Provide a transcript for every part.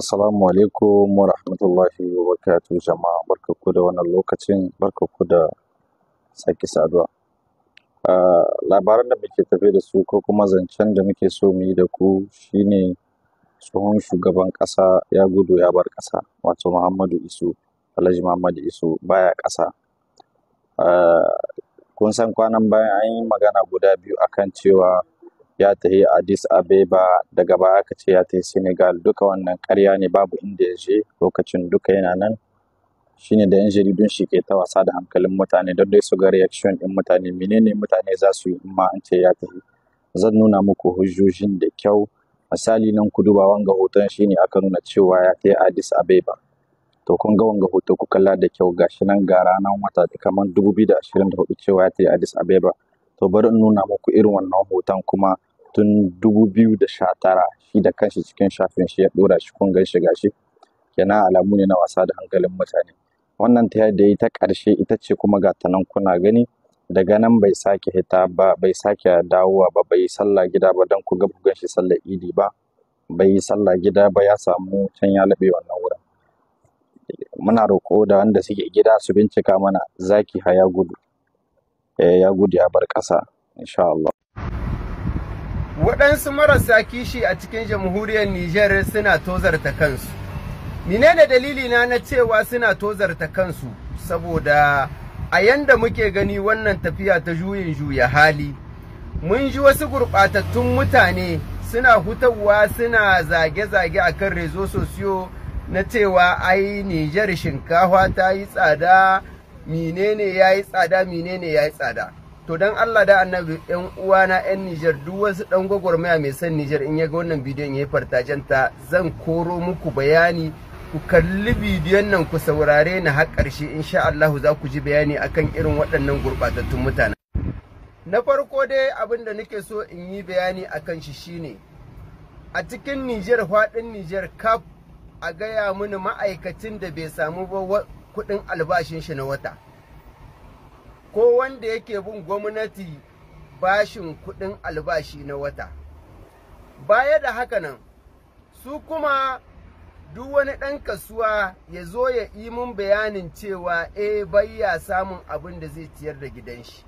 Assalamu alaikum wa rahmatullahi wa barakatuh jama'a barkanku da wannan lokacin barkanku da sake saduwa. Uh, labaran da muke tafe da su ko kuma zancen da muke so mu yi da ku shine tsohon shugaban ƙasa ya gudu ya bar ƙasa wato Muhammadu Isu Alhaji Muhammadu Isu baya ƙasa. kun san kwanan bayan an yi magana guda biyu akan cewa ya tafi Addis Ababa daga baya aka ce ya tafi Senegal duka wannan karya ne babu inda ya je lokacin duka yana nan shine da yan jaridun shi ke ta wasa da hankalin mutane don dai su ga reaction din mutane menene mutane za su yi in ma an ce ya tafi zan nuna muku hujjojin da kyau misali nan ku duba wanga hoton shine aka nuna cewa ya tafi Addis Ababa to kun ga wanga hoto ku kalla da kyau gashi nan ga ranar wata kamar 2024 cewa ya tafi Addis Ababa to bari in nuna muku irin wannan hoton kuma tun tara, shi da kanshi cikin shafin shi ya dora shi kun shi, gashi kenan alamu ne na wasa da hankalin mutane wannan ta yadda ya ta ƙarshe ita ce kuma ga ta nan kuna gani daga nan bai sake hita ba bai sake dawowa ba bai sallah gida ba don ku ga bugan shi sallar idi ba bai sallah gida ba ya samu can ya laɓe wannan wurin muna roƙo da wanda suke gida su bincika mana zaki ha ya gudu eh, ya gudu ya bar ƙasa insha Allah waɗansu marasa kishi a cikin jamhuriyar Nijar suna tozarta kansu. Menene dalili na na cewa suna tozarta kansu saboda a yanda muke gani wannan tafiya ta juyin juya hali. Mun ji wasu gurɓatattun mutane suna hutawa suna zage-zage a kan rezo sosiyo na cewa ai Nijar shinkafa ta yi tsada, menene ya yi tsada, menene ya yi tsada. to dan Allah da annabi yan uwana yan Niger duk wasu dan gwagwarmaya mai son Niger in yaga wannan bidiyon ya fartajen zan koro muku bayani ku kalli bidiyon nan ku saurare na har ƙarshe insha Allah za ku ji bayani akan irin waɗannan gurɓatattun mutane na farko dai abin da nake so in yi bayani akan shi shine a cikin Niger faɗin Niger kaf a gaya mini ma'aikacin da bai samu ba kuɗin albashin shi na wata ko wanda yake bin gwamnati bashin kudin albashi na wata baya da haka nan su kuma duk wani ɗan kasuwa ya zo ya yi mun bayanin cewa eh bayya samun abin da zai ciyar da gidan shi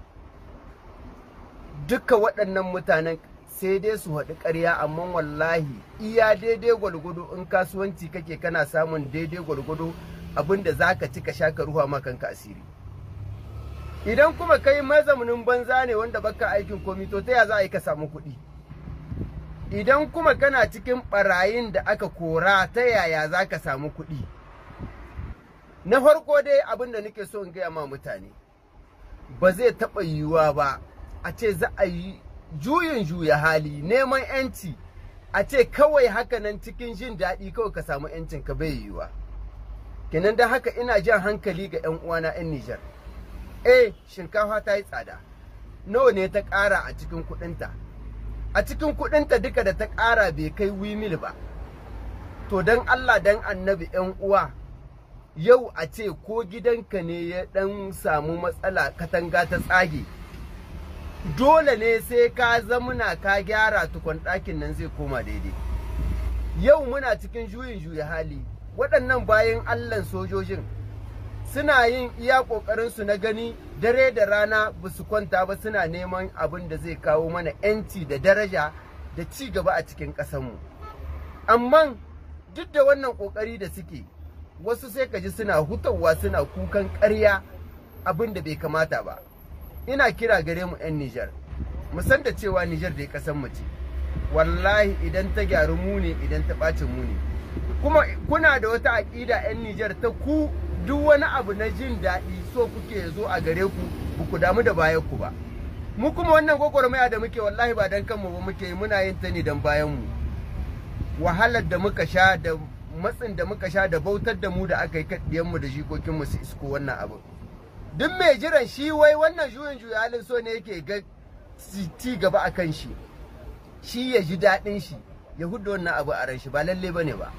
duka waɗannan mutanen sai dai su haɗu ƙarya amma wallahi iya daidai gwalgwado in kasuwanci kake kana samun daidai gwalgwado abin da za ka ci ka sha ka ruwa ma kanka asiri idan kuma kai mazaunin banza ne wanda baka aikin komi to ta ya za a yi ka samu kuɗi idan kuma kana cikin ɓarayin da aka kora ta yaya za ka samu kuɗi na farko dai abinda da nake so in gaya ma mutane ba zai taɓa yiwuwa ba a ce za a yi juyin juya hali neman 'yanci a ce kawai haka nan cikin jin daɗi kawai ka samu 'yancin ka bai yiwuwa kenan da haka ina jan hankali ga 'yan uwana 'yan Nijar eh shinkafa ta yi tsada nawa ne ta ƙara a cikin kuɗinta a cikin kuɗinta duka da ta ƙara bai kai wimil ba to don Allah dan annabi yan uwa yau a ce ko gidanka ne ya ɗan samu matsala katanga ta tsage dole ne sai ka zamuna ka gyara tukun ɗakin nan zai koma daidai yau muna cikin juyin juya hali waɗannan bayan allan sojojin suna yin iya ƙoƙarinsu na gani dare da rana ba su kwanta ba suna neman abin da zai kawo mana 'yanci da daraja da ci gaba a cikin ƙasanmu. amma duk da wannan ƙoƙari da suke wasu sai ka ji suna hutawa suna kukan ƙarya abin da bai kamata ba ina kira gare mu 'yan Nijar mu san da cewa Nijar dai ƙasan mu ce wallahi idan ta gyaru mu ne idan ta ɓacin mu ne kuma kuna da wata aƙida 'yan Nijar ta ku duk wani abu na jin daɗi so kuke zo a gare ku ba ku damu da bayan ku ba mu kuma wannan gwagwarmaya da muke wallahi ba dan kanmu ba muke muna yin ta ne dan bayan mu wahalar da muka sha da matsin da muka sha da bautar da mu da aka yi kaɗiyan mu da jikokin mu su isko wannan abu duk mai jiran shi wai wannan juyin juya so ne yake ga ci gaba akan shi shi ya ji daɗin shi ya hudu wannan abu a ran shi ba lalle bane ba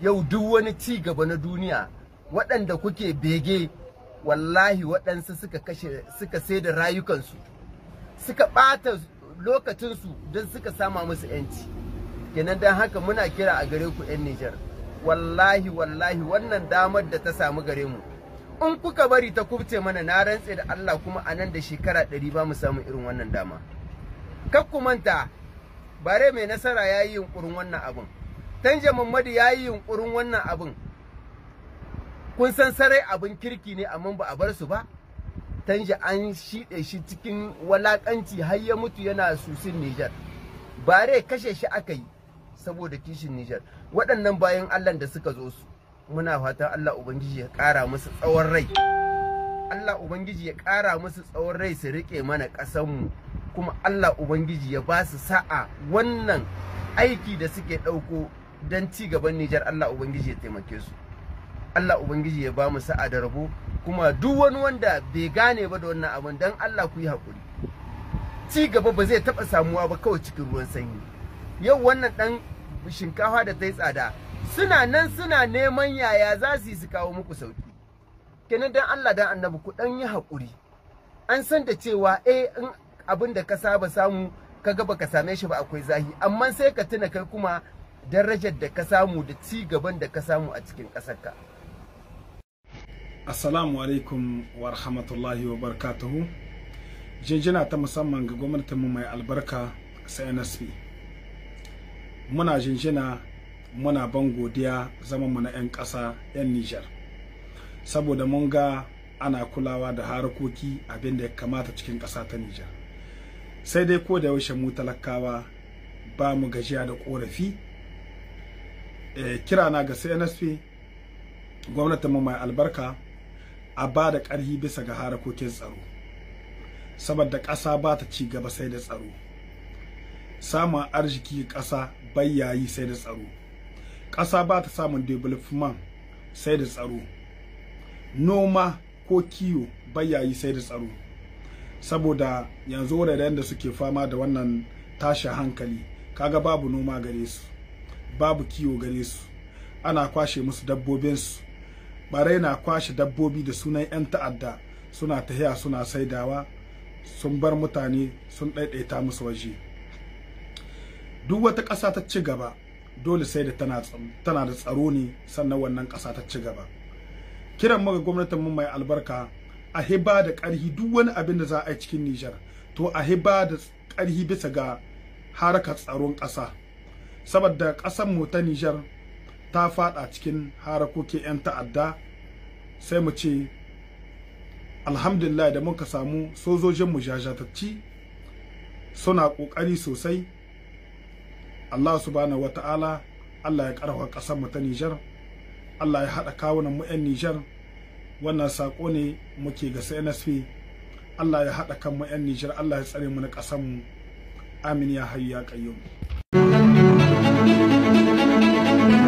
yau duk wani ci gaba na duniya waɗanda kuke bege wallahi waɗansu suka kashe suka sai da rayukansu suka ɓata lokacinsu don suka sama musu yanci kenan don haka muna kira a gare ku 'yan Nijar wallahi wallahi wannan damar da ta samu gare mu in kuka bari ta kubce mana na rantse da Allah kuma a nan da shekara ɗari ba mu samu irin wannan dama kar ku manta bare mai nasara ya yi yunƙurin wannan abin Tan mamadu ya yi yunƙurin wannan abin kun san sarai abin kirki ne amma ba a bar su ba tanji an shiɗe shi cikin walakanci har ya mutu yana susin Nijar bare kashe shi aka yi saboda kishin Nijar waɗannan bayan Allah da suka zo su muna fatan Allah ubangiji ya ƙara musu tsawon rai Allah ubangiji ya ƙara musu tsawon rai su riƙe mana ƙasanmu kuma Allah ubangiji ya ba su sa'a wannan aiki da suke ɗauko don ci gaban Nijar Allah ubangiji ya taimake su Allah ubangiji ya ba mu sa'a da rabo kuma duk wani wanda bai gane ba da wannan abin dan Allah ku yi haƙuri. ci gaba ba zai taɓa samuwa ba kawai cikin ruwan sanyi yau wannan ɗan shinkafa da ta yi tsada suna nan suna neman yaya za su yi su kawo muku sauki kenan dan Allah dan annabi ku ɗan yi haƙuri? an san da cewa E! in abin da ka saba samu ka gaba baka same shi ba akwai zahi amma sai ka tuna kai kuma darajar da ka samu da ci gaban da ka samu a cikin ka. assalamu alaikum wa rahmatullahi wa barakatuhu jinjina ta musamman ga mu mai albarka cnsp muna jinjina muna ban godiya mu na 'yan ƙasa 'yan nijar saboda mun ga ana kulawa da harkoki abin da ya kamata cikin ƙasa ta nijar sai dai ko da yaushe mu talakawa ba mu gajiya da ƙorafi eh, kirana ga cnsp gwamnatinmu mai albarka a ba da ƙarhi bisa ga harakokin tsaro saboda ƙasa ba ta ci gaba sai da tsaro samun arziki ƙasa bai yayi sai da tsaro ƙasa ba ta samun development sai da tsaro noma ko kiwo bai yayi sai da tsaro saboda yanzu wuraren da suke fama da wannan tashin hankali kaga babu noma gare su babu kiwo gare su ana kwashe musu dabbobinsu barai na kwashe dabbobi da sunan 'yan ta'adda suna tahiya suna saidawa sun bar mutane sun ɗaiɗaita musu waje duk wata ƙasa ta ci gaba dole sai da tana da tsaro ne sannan wannan ƙasa ta ci gaba kiran mu ga gwamnatin mu mai albarka a hiba da ƙarhi duk wani abin da za a yi cikin Nijar to a hiba da ƙarhi bisa ga harkar tsaron ƙasa saboda ƙasar mu ta Nijar ta fada cikin harakokin 'yan ta'adda sai mu ce alhamdulillah da muka samu sojojinmu jajatacci suna ƙoƙari sosai Allah subhanahu wata'ala Allah ya karfa ƙasar mu ta Nijar Allah ya haɗa kawunan mu 'yan Nijar wannan sako ne muke ga CNSP Allah ya haɗa kan mu 'yan Nijar Allah ya tsare mu na kasar mu amin ya hayya ya qayyum